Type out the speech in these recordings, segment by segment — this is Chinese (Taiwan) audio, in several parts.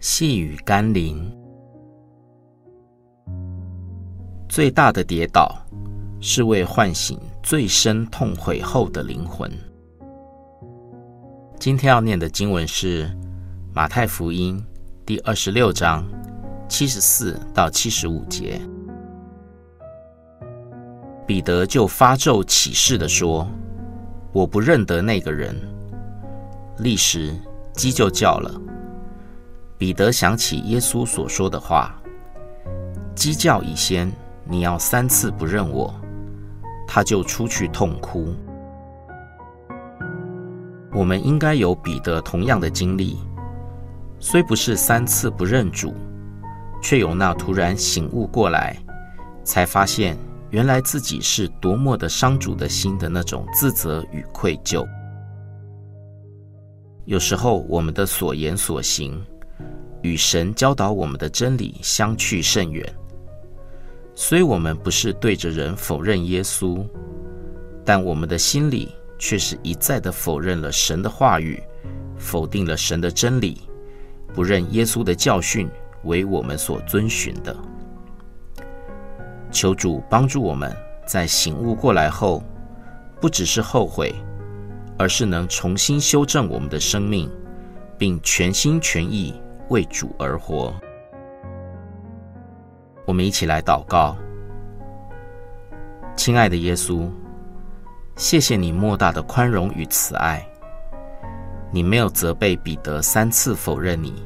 細語甘霖，最大的跌倒是為喚醒最深痛悔後的靈魂。今天要念的經文是《馬太福音》第二十六章七十四到七十五節。彼得就發咒起誓地說：“我不認得那個人。歷”立時雞就叫了。彼得想起耶穌所說的話：“雞叫以先，你要三次不認我，他就出去痛哭。”我們應該有彼得同樣的經歷，雖不是三次不認主，卻有那突然醒悟過來，才發現原來自己是多麼的傷主的心的那種自責與愧疚。有時候我們的所言所行，與神教導我們的真理相去甚遠，雖我們不是對着人否認耶穌，但我們的心裡卻是一再地否認了神的話語，否定了神的真理，不認耶穌的教訓為我們所遵循的。求主幫助我們在醒悟過來後，不只是後悔，而是能重新修正我們的生命，並全心全意。為主而活，我們一起來禱告。親愛的耶穌，謝謝你莫大的寬容與慈愛。你沒有責備彼得三次否認你，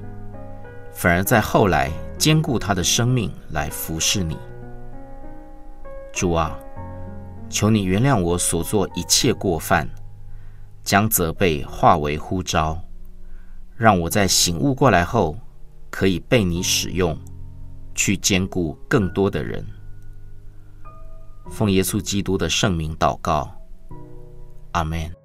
反而在後來堅固他的生命來服侍你。主啊，求你原諒我所做一切過犯，將責備化為呼召。讓我在醒悟過來後，可以被你使用，去堅固更多的人。奉耶穌基督的聖名禱告，阿門。